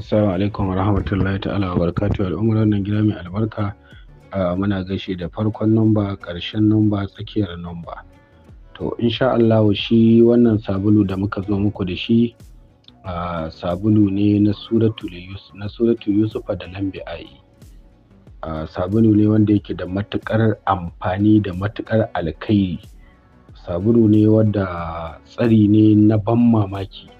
Assalamu alaikum wa rahmatullahi ta'ala wa barakatuhu al'ummar wannan gida mai albarka a muna gaishe da farkon numba ƙarshen numba tsakiyar numba to insha Allah shi wannan sabulu da muka zo muku da shi a sabulu ne na suratu na Yusufa da lambe ayi sabulu ne wanda yake da matukar amfani da matukar alkai sabulu ne wanda tsari ne na ban mamaki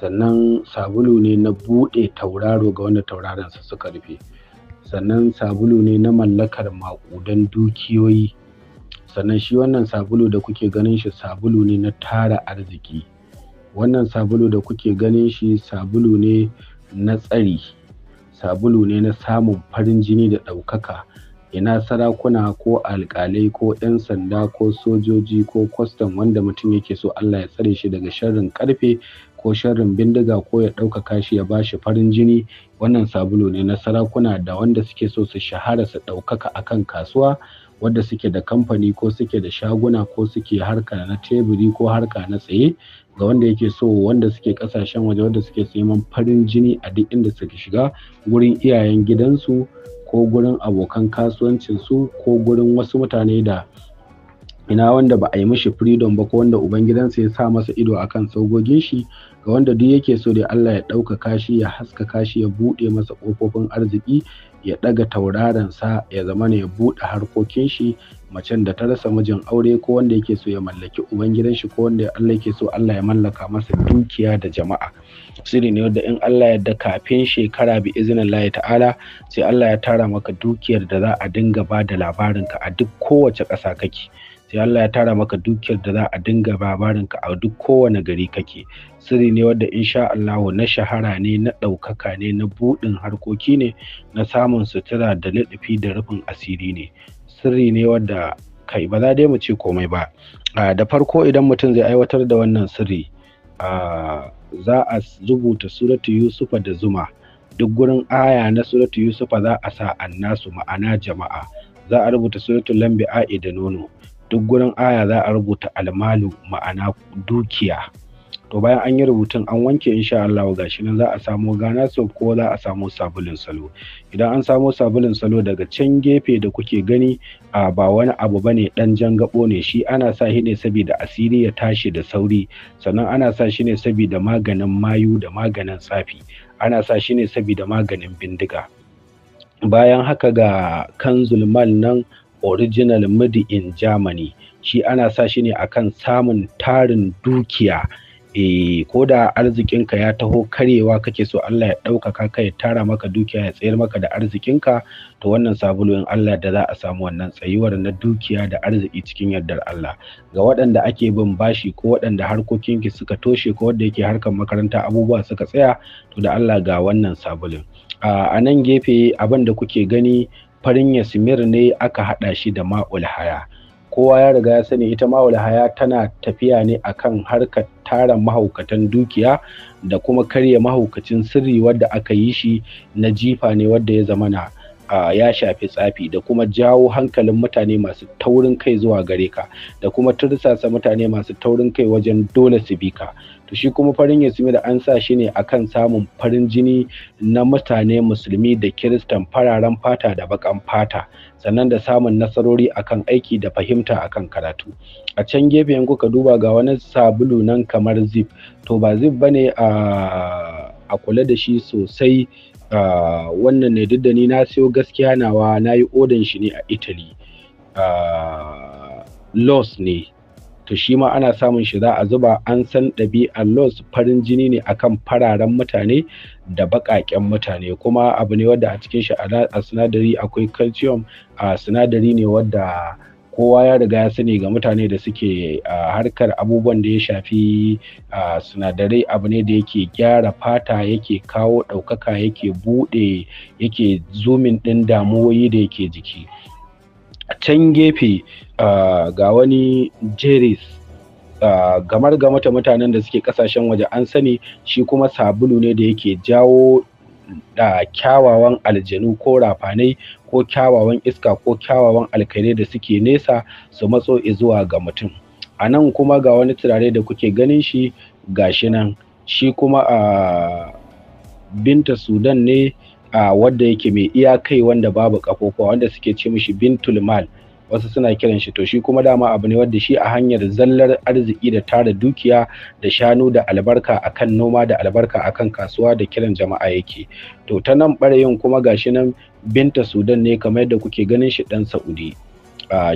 sannan sabulu ne na buɗe tauraro ga wanda tauraronsa suka rufe sannan sabulu ne na mallakar maƙudan dukiyoyi sannan shi wannan sabulu da kuke ganin shi sabulu ne na tara arziki wannan sabulu da kuke ganin shi sabulu ne na tsari sabulu ne na samun farin jini da ɗaukaka ina sarakuna ko alƙalai ko 'yan sanda ko sojoji ko kwastam wanda mutum yake so Allah ya tsare shi daga sharrin karfe ko sharrin bindiga ko ya ɗaukaka shi ya ba shi farin jini wannan sabulu ne na sarakuna da wanda suke so su shahara su ɗaukaka akan kasuwa wadda suke da kamfani ko suke da shaguna ko suke harka na teburi ko harka na tsaye ga wanda yake so wanda suke kasashen waje wanda suke neman farin jini a duk inda suke shiga gurin iyayen gidansu ko gurin abokan kasuwancinsu ko gurin wasu mutane da ina wanda ba a yi mishi freedom ba ko wanda ubangidansa ya sa masa ido a kan tsogogin shi ga wanda duk yake so da Allah ya ɗaukaka kashi, ya haska kashi, ya buɗe masa ƙofofin arziki ya ɗaga tauraron sa ya zama ya buɗe harkokin shi macen da ta rasa mijin aure ko wanda yake so ya mallaki ubangidan shi ko wanda Allah yake so Allah ya mallaka masa dukiya da jama'a sirri ne wanda in Allah ya da kafin shekara bi izinin Allah ta'ala sai Allah ya tara maka dukiyar da za a dinga ba da labarinka a duk kowace ƙasa kake. sai Allah ya tara maka dukiyar da za a dinga ka a duk kowane gari kake sirri ne wanda insha Allahu na shahara ne na ɗaukaka ne na buɗin harkoki ne na samun sutura da laɗafi da rufin asiri ne sirri ne wanda kai ba za dai mu ce komai ba da farko idan mutum zai aiwatar da wannan sirri za a rubuta suratu yusufa da zuma duk gurin aya na suratu yusufa za a sa annasu ma'ana jama'a za a rubuta suratu lambi a'i da nono duk gurin aya za a rubuta almalu ma'ana dukiya to bayan an yi rubutun an wanke insha Allah shi nan za a samo gana so ko za a samo sabulin salo idan an samo sabulin salo daga can gefe da kuke gani a ba wani abu bane dan jan gabo ne shi ana sa shi ne saboda asiri ya tashi da sauri sannan ana sa shi ne saboda maganin mayu da maganin tsafi ana sa shi ne saboda maganin bindiga bayan haka ga kanzul nan original made in Germany shi ana sa shi ne akan samun tarin dukiya e ko da arzikinka ya taho karyewa kake so Allah ya ɗaukaka ka ya tara maka dukiya ya tsayar maka da arzikinka to wannan sabulu Allah da za a samu wannan tsayuwar na dukiya da arziki cikin yardar Allah ga waɗanda ake bin bashi ko waɗanda harkokinki suka toshe ko wanda yake harkar makaranta abubuwa suka tsaya to da Allah ga wannan sabulun ah, a nan gefe abin da kuke gani farin yasmir ne aka haɗa shi da ma'ul haya kowa ya riga ya sani ita ma'ul haya tana tafiya ne akan harkar tara mahaukatan dukiya da kuma karya mahaukacin sirri wadda aka yi shi na jifa ne wadda ya zamana ya shafi tsafi da kuma jawo hankalin mutane masu taurin kai zuwa gare ka da kuma tursasa mutane masu taurin kai wajen dole su bi ka to shi kuma farin yasmi da an sa shi ne akan samun farin jini na mutane musulmi da kiristan fararen fata da bakan fata sannan da samun nasarori akan aiki da fahimta akan karatu a can gefen kuka duba ga wani sabulu nan kamar zip to ba zip bane a kula da shi sosai uh, wannan ne duk da ni na siyo gaskiya nawa na yi odan shi ne a italy uh, ah, los ne to shi ma ana samun shi za a zuba an san ɗabi'ar los farin jini ne akan fararen mutane da baƙaƙen mutane kuma abu ne wadda a cikin shi a sinadari akwai calcium a ah, sinadari ne wadda kowa ya riga ya sani ga mutane da suke harkar abubuwan da ya shafi sinadarai abu ne da yake gyara fata yake kawo ɗaukaka yake buɗe yake zumin ɗin damuwoyi da yake jiki can gefe ga wani jeris gamar ga mata mutanen da suke kasashen waje an sani shi kuma sabulu ne da yake jawo da kyawawan aljanu ko rafanai ko kyawawan iska ko kyawawan alkairai da suke nesa su matso zuwa ga mutum a nan kuma ga wani turare da kuke ganin shi ga shi nan shi kuma a binta sudan ne a wadda yake mai iyakai wanda babu kafofa wanda suke ce mishi bintul wasu suna kiran shi to shi kuma dama abu ne wanda shi a hanyar zallar arziki da tara dukiya da shanu da albarka akan noma da albarka akan kasuwa da kiran jama'a yake to ta nan ɓarayin kuma gashi nan binta sudan ne kamar yadda kuke ganin shi Dan saudi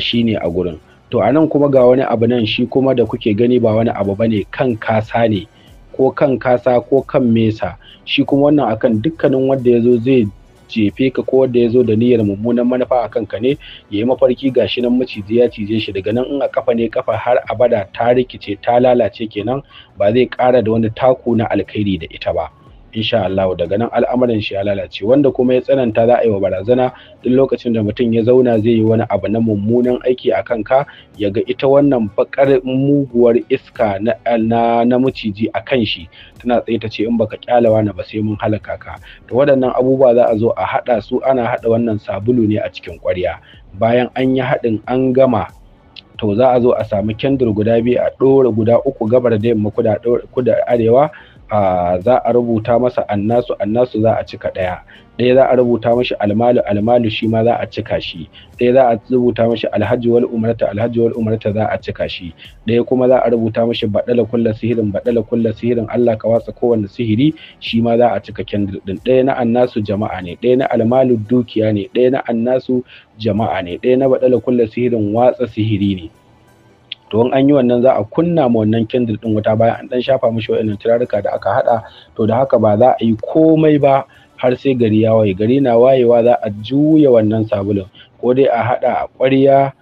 shi ne a gurin to a nan kuma ga wani abu nan shi kuma da kuke gani ba wani abu bane kan kasa ne ko kan kasa ko kan mesa shi kuma wannan akan dukkanin wanda ya zo zai jefe ka ko wanda ya zo da niyyar mummunan manufa a kanka ne ya yi mafarki gashi nan maciji ya cije shi daga nan in a kafa ne kafa har abada ta rikice ta lalace kenan ba zai kara da wani taku na alkhairi da ita ba insha Allah daga nan al'amarin shi ya lalace wanda kuma ya tsananta za a yi wa barazana duk lokacin da mutum ya zauna zai yi wani abu na mummunan aiki a ka, ya ga ita wannan bakar muguwar iska na na maciji a kan shi tana tsaye ta ce in baka kyalawa na ba sai mun halaka ka to waɗannan abubuwa za a zo a haɗa su ana haɗa wannan sabulu ne a cikin ƙwarya bayan an yi haɗin an gama to za a zo a samu kendir guda biyu a ɗora guda uku gabar da yamma kuda arewa za a rubuta masa annasu annasu za a cika ɗaya ɗaya za a rubuta mashi almalu almalu shi ma za a cika shi ɗaya za a rubuta mashi alhaji wal umrata alhaji wal umrata za a cika shi ɗaya kuma za a rubuta mashi baɗala kulla sihirin baɗala kulla sihirin Allah ka watsa kowane sihiri shi ma za a cika kendir ɗin ɗaya na annasu jama'a ne ɗaya na almalu dukiya ne ɗaya na annasu jama'a ne ɗaya na baɗala kulla sihirin watsa sihiri ne to in an yi wannan za a kunna ma wannan kindle din wuta bayan an dan shafa mishi wa'annan turaruka da aka hada to da haka ba za a yi komai ba har sai gari ya waye gari na wayewa za a juya wannan sabulun ko dai a hada a ƙwarya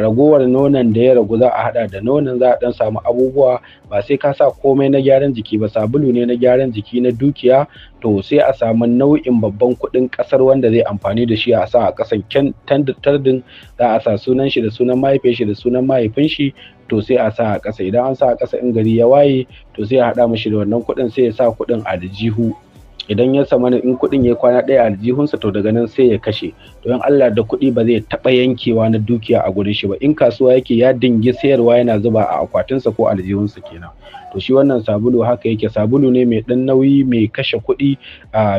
ragowar nonon da ya ragu za a haɗa da nonon za a dan samu abubuwa ba sai ka sa komai na gyaran jiki ba sabulu ne na gyaran jiki na dukiya to sai a samu nau'in babban kuɗin ƙasar wanda zai amfani da shi a sa a ƙasan tardin za a sa sunan shi da sunan mahaifin shi da sunan mahaifin shi to sai a sa a ƙasa idan an sa a ƙasa in gari ya waye to sai a haɗa mashi da wannan kuɗin sai ya sa kuɗin a jihu idan ya samana in kuɗin ya kwana ɗaya aljihunsa to daga nan sai ya kashe don Allah da kuɗi ba zai taɓa yankewa na dukiya a gurin shi ba in kasuwa yake ya dingi sayarwa yana zuba a akwatinsa ko aljihunsa kenan to shi wannan sabulu haka yake sabulu ne mai dan nauyi mai kashe kuɗi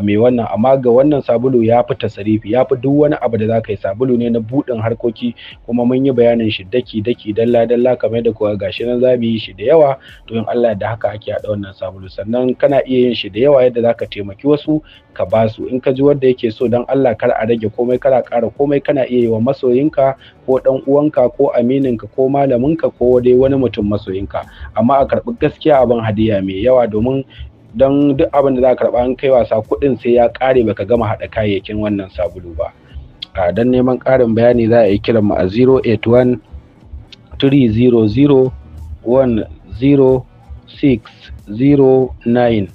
mai wannan amma ga wannan sabulu ya fi tasarifi ya fi duk wani abu da za ka yi sabulu ne na buɗin harkoki kuma mun yi bayanin shi daki daki dalla dalla kamar yadda kowa gashi nan za mu yi shi da yawa to in Allah da haka ake haɗa wannan sabulu sannan kana iya yin shi da yawa yadda za ka taimaki wasu ka ba su in ka ji wanda yake so don Allah kar a rage komai kar a ƙara komai kana iya yi wa masoyinka ko dan uwanka ko amininka ko malaminka ko dai wani mutum masoyinka amma a karɓi gaskiya abin hadiya mai yawa domin don duk abin da za ka karɓa an kai wasa kuɗin sai ya ƙare baka gama haɗa kayayyakin wannan sabulu ba don neman ƙarin bayani za a yi kiran mu a 081 300 10609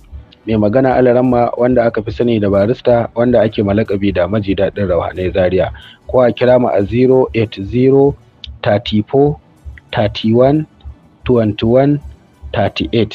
mai magana alaramma wanda aka fi sani da barista wanda ake malakabi da maji daɗin rauhanai zaria ko a kira mu a 080 34 21 38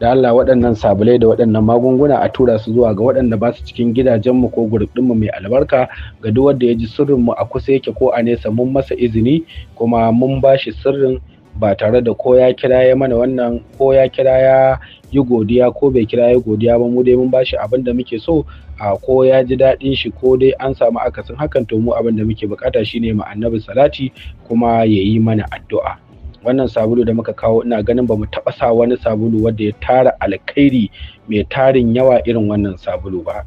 da Allah waɗannan sabulai da waɗannan magunguna a tura su zuwa ga waɗanda ba su cikin gidajenmu ko gurɗinmu mai albarka ga duk wanda ya ji sirrinmu a kusa yake ko a nesa mun masa izini kuma mun ba shi sirrin ba tare da ko ya kira ya mana wannan ko ya kira ya yi godiya ko bai kira ya godiya ba mu dai mun bashi abin da muke so a ko ya ji daɗin shi ko dai an samu akasin hakan to mu abin da muke bukata shine mu annabi salati kuma ya yi mana addu'a wannan sabulu da muka kawo ina ganin ba mu taɓa sa wani sabulu wanda ya tara alkhairi mai tarin yawa irin wannan sabulu ba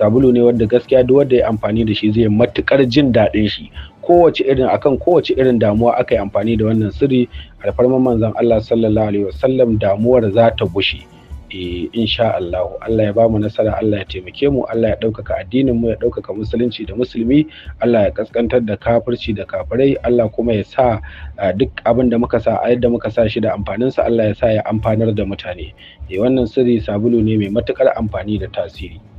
sabulu ne wanda gaskiya duk wanda ya amfani da shi zai matukar jin daɗin shi kowace irin akan kowace irin damuwa aka yi amfani da wannan sirri alfarman manzon Allah sallallahu alaihi wasallam damuwar za ta bushe. eh insha Allah Allah ya bamu nasara Allah ya taimake mu Allah ya ɗaukaka addinin mu ya ɗaukaka musulunci da musulmi Allah ya kaskantar da kafirci da kafirai Allah kuma ya sa duk abin da muka sa a yadda muka sa shi da amfanin sa Allah ya sa ya amfanar da mutane eh wannan sirri sabulu ne mai matukar amfani da tasiri